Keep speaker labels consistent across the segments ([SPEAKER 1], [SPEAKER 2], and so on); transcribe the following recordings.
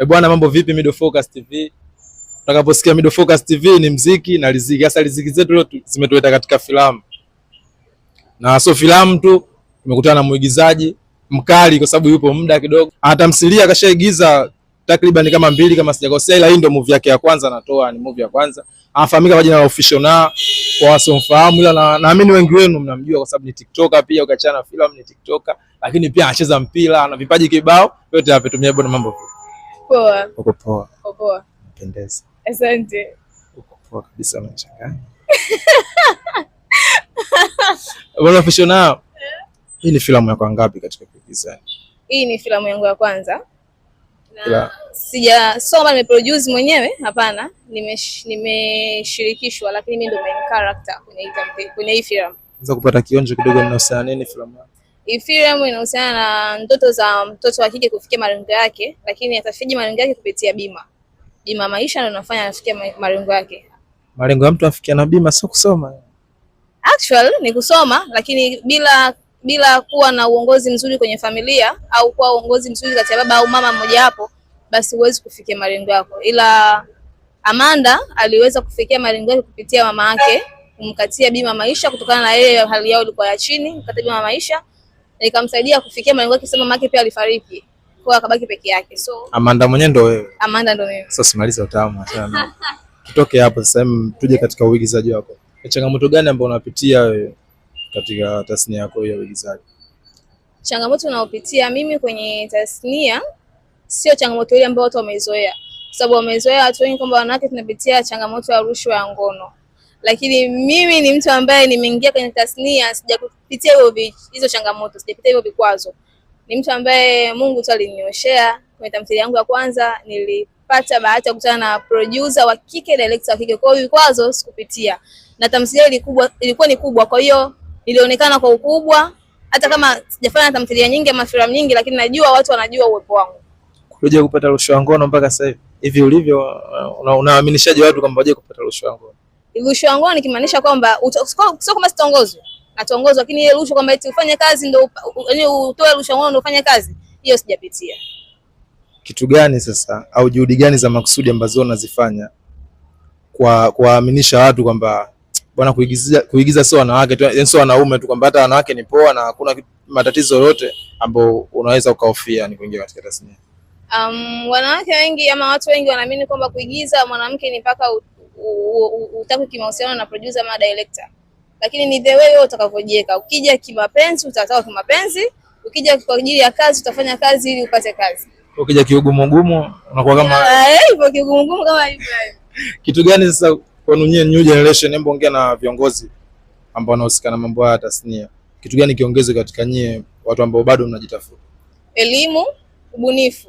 [SPEAKER 1] E bwana, mambo vipi Mido Focus TV? Utakaposikia Mido Focus TV ni mziki na riziki. Hasa riziki zetu leo zimetuleta katika filamu, na sio filamu tu, tumekutana na muigizaji mkali, kwa sababu yupo muda kidogo, anatamthilia akashaigiza takriban kama mbili kama sijakosea, ila hii ndio movie yake ya kwanza anatoa, ni movie ya kwanza. Anafahamika kwa jina la Official Na, kwa wasomfahamu, ila naamini wengi wenu mnamjua kwa sababu ni TikToker pia, ukiachana na filamu ni TikToker, lakini pia anacheza mpira, ana vipaji kibao, yote hapo bwana mambo poa. Uko poa. Uko poa. Mpendeza.
[SPEAKER 2] Asante.
[SPEAKER 1] Uko poa kabisa unachanganya. Bwana Fisho nao. Hii ni filamu yako ngapi katika kuigiza?
[SPEAKER 2] Hii ni filamu yangu ya kwanza. Na sijasoma nimeproduce mwenyewe, hapana, nimeshirikishwa nime, lakini mimi ndio main character kwenye hii filamu.
[SPEAKER 1] Unaweza kupata kionjo kidogo, ninahusiana nini filamu yako?
[SPEAKER 2] Ephraim inahusiana na ndoto za mtoto wa kike kufikia malengo yake, lakini atafikia malengo yake kupitia bima. Bima maisha ndio inafanya afikie malengo yake.
[SPEAKER 1] Malengo ya mtu afikia na bima sio kusoma.
[SPEAKER 2] Actual ni kusoma, lakini bila bila kuwa na uongozi mzuri kwenye familia au kuwa uongozi mzuri kati ya baba au mama mmoja hapo, basi huwezi kufikia malengo yako. Ila Amanda aliweza kufikia malengo yake kupitia mama yake, kumkatia bima maisha kutokana na yeye hali yao ilikuwa ya chini, kukatia bima maisha na ikamsaidia kufikia malengo yake, sema mama pia alifariki kwa akabaki peke yake. So
[SPEAKER 1] Amanda mwenyewe ndo wewe.
[SPEAKER 2] Amanda ndo mimi.
[SPEAKER 1] Sasa simaliza utamu sana. Tutoke hapo sasa tuje katika uigizaji wako. Changamoto gani ambayo unapitia wewe katika tasnia yako ya uigizaji?
[SPEAKER 2] Changamoto unaopitia mimi kwenye tasnia sio changamoto ile ambayo watu wamezoea, sababu wamezoea watu wengi kwamba wanawake tunapitia changamoto ya rushwa ya ngono lakini mimi ni mtu ambaye nimeingia kwenye tasnia, sijakupitia hiyo hizo changamoto, sijapitia hiyo vikwazo. Ni mtu ambaye Mungu tu alinioshea. Kwenye tamthilia yangu ya kwanza nilipata bahati ya kukutana na producer wa kike, director wa kike, kwa hiyo vikwazo sikupitia, na tamthilia ilikuwa ilikuwa ni kubwa, kwa hiyo nilionekana kwa ukubwa, hata kama sijafanya tamthilia nyingi ama filamu nyingi, lakini najua watu wanajua uwepo wangu.
[SPEAKER 1] Kuja kupata rushwa ngono mpaka sasa hivi ulivyo, unaaminishaje una, una watu kwamba waje kupata rushwa ngono?
[SPEAKER 2] rushwa ngono nikimaanisha kwamba sio kama sitaongozwa nataongozwa, lakini ile rushwa kwamba eti ufanye kazi ndio yaani utoe rushwa ngono ndio ufanye kazi, hiyo sijapitia.
[SPEAKER 1] Kitu gani sasa au juhudi gani za makusudi ambazo unazifanya kwa kuwaaminisha watu kwamba bwana, kuigiza kuigiza sio wanawake tu, sio wanaume tu, kwamba hata wanawake ni poa na hakuna matatizo yoyote ambayo unaweza ukahofia ni kuingia katika tasnia?
[SPEAKER 2] Um, wanawake wengi ama watu wengi wanaamini kwamba kuigiza mwanamke ni mpaka utaki kimahusiano na producer ama director, lakini ni the way wewe utakavyojiweka. Ukija kimapenzi utatoka kimapenzi, ukija kwa ajili ya kazi utafanya kazi ili upate kazi,
[SPEAKER 1] ukija kiugumugumu unakuwa kama
[SPEAKER 2] ah, eh, hivyo kiugumugumu kama hivyo.
[SPEAKER 1] Kitu gani sasa kwa nyie new generation, hebu ongea na viongozi ambao wanahusika na mambo haya tasnia, kitu gani kiongezwe katika nyie watu ambao bado mnajitafuta?
[SPEAKER 2] Elimu, ubunifu,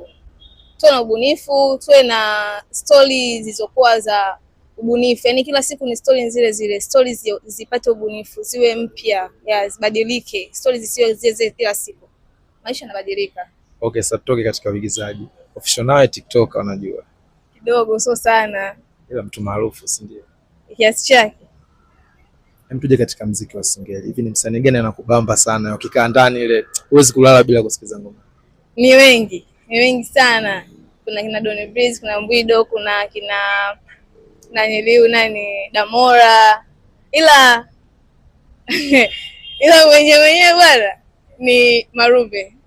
[SPEAKER 2] tuwe na ubunifu, tuwe na stori zilizokuwa za ubunifu. Yani kila siku ni stori zile zile, stori zipate ubunifu, ziwe mpya, zibadilike, stori zisiwe zile zile kila siku. Maisha yanabadilika.
[SPEAKER 1] Okay, sasa tutoke katika uigizaji. Official TikTok unajua
[SPEAKER 2] kidogo, sio sana,
[SPEAKER 1] ila mtu maarufu, si ndio? Kiasi chake. Tuje katika mziki wa Singeli, hivi ni msanii gani anakubamba sana, ukikaa ndani ile huwezi kulala bila kusikiza ngoma?
[SPEAKER 2] Ni wengi, ni wengi sana. Kuna kina Don Breeze, kuna Mbwido, kuna kina nani liu nani Damora, ila ila mwenye mwenyewe bwana ni Marume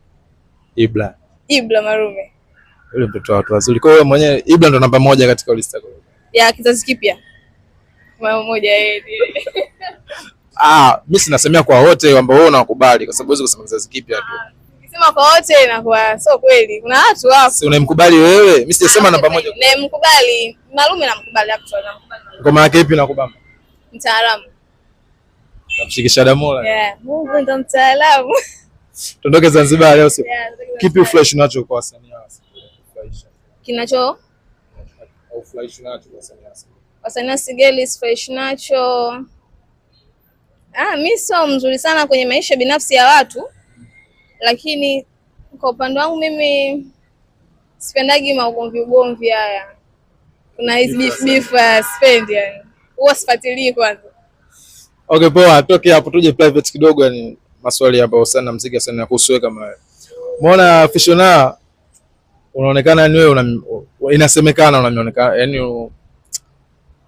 [SPEAKER 2] Ibla, Ibla Marume,
[SPEAKER 1] yule mtoto wa watu wazuri. Kwa hiyo mwenye Ibla ndo namba moja katika lista
[SPEAKER 2] ya kizazi kipya moja yeye.
[SPEAKER 1] Ah, mimi sinasemea kwa wote ambao wewe unawakubali, kwa sababu huwezi kusema kizazi kipya tu. Ah
[SPEAKER 2] sema kwa wote inakuwa sio kweli. Kuna watu wapo.
[SPEAKER 1] Si unamkubali wewe? Mimi sijasema ah, namba moja.
[SPEAKER 2] Nimemkubali. Malume namkubali actually namkubali.
[SPEAKER 1] Kwa maana ipi nakubamba? Mtaalamu. Namshikisha damu la.
[SPEAKER 2] Yeah, Mungu ndo mtaalamu.
[SPEAKER 1] Tuondoke Zanzibar leo sio? Yeah, kipi fresh nacho kwa wasanii hawa? Kinacho? Au fresh nacho kwa wasanii hawa?
[SPEAKER 2] Wasanii sigeli fresh nacho. Ah, mimi sio mzuri sana kwenye maisha binafsi ya watu lakini kwa upande wangu mimi sipendagi maugomvi ugomvi haya, kuna hizi beef beef, sipendi yani, huwa sifuatilii kwanza.
[SPEAKER 1] Okay, poa, toke hapo tuje private kidogo, yani maswali hapa sana mziki sana ya kuhusu wewe kama wewe. Umeona Fishona unaonekana yani wewe una, inasemekana unaonekana yani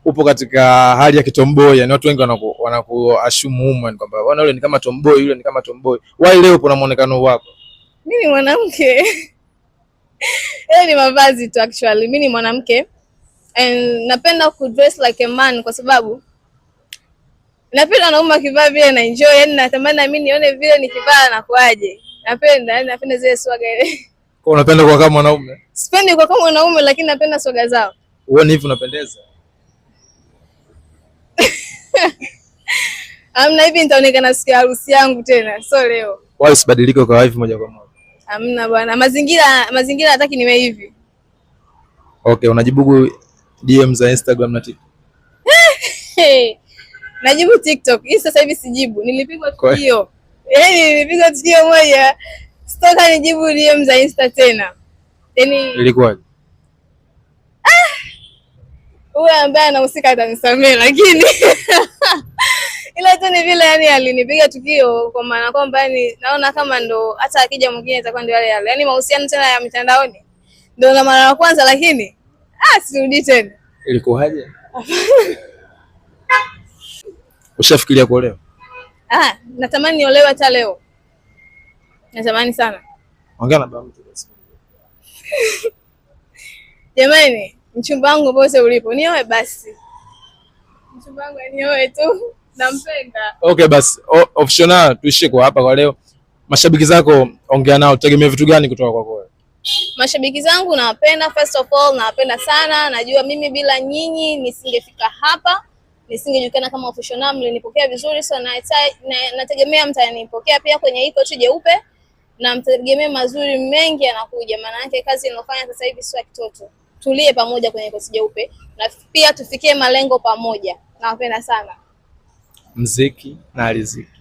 [SPEAKER 1] upo katika hali ya kitomboy, yani watu wengi wanakuashumu humo kwamba bwana yule ni kama tomboy, yule ni kama tomboy. Why leo upo na muonekano wako?
[SPEAKER 2] Mimi ni mwanamke ni mavazi tu actually. Mimi ni mwanamke and napenda ku dress like a man kwa sababu napenda wanaume wakivaa vile na enjoy, yani natamani mimi nione vile nikivaa na kuaje. Napenda yani, napenda zile swaga ile.
[SPEAKER 1] Kwa unapenda kwa kama mwanaume?
[SPEAKER 2] Sipendi kwa kama mwanaume, lakini napenda swaga zao.
[SPEAKER 1] Uone hivi unapendeza.
[SPEAKER 2] Amna, hivi nitaonekana siku ya harusi yangu tena, sio leo.
[SPEAKER 1] Kwa hiyo usibadilike kwa hivi moja kwa moja.
[SPEAKER 2] Amna bwana, mazingira mazingira hataki niwe hivi.
[SPEAKER 1] Okay, unajibu DM za Instagram na TikTok?
[SPEAKER 2] Najibu TikTok. Hii sasa hivi sijibu. Nilipigwa tukio. Yaani nilipigwa tukio moja. Sitaka nijibu DM za Insta tena. Yaani ilikuwaje? Ah! Huyo ambaye anahusika atanisamee lakini ila tu ni vile yani alinipiga tukio, kwa maana kwamba yani naona kama ndo hata akija mwingine itakuwa ndio yale yale, yani mahusiano tena ya mitandaoni ndo na mara ya kwanza, lakini ah, sirudi tena.
[SPEAKER 1] Ilikuwaje? Ushafikiria kuolewa?
[SPEAKER 2] Ah, natamani niolewe hata leo, natamani sana.
[SPEAKER 1] Ongea na mtu
[SPEAKER 2] jamani, mchumba wangu pote ulipo nioe basi, mchumba wangu anioe tu
[SPEAKER 1] Okay, basi optional tuishie kwa hapa kwa leo. Mashabiki zako ongea nao, tegemea vitu gani kutoka kwako wewe?
[SPEAKER 2] Mashabiki zangu nawapenda, first of all nawapenda sana. Najua mimi bila nyinyi nisingefika hapa, nisingejulikana kama Official. Mlinipokea vizuri, so na, na, mtanipokea pia kwenye hii koti jeupe na mtegemee mazuri mengi yanakuja, maana yake kazi inayofanya sasa hivi sio kitoto. Tulie pamoja kwenye koti jeupe na pia tufikie malengo pamoja. Nawapenda sana.
[SPEAKER 1] mziki na riziki.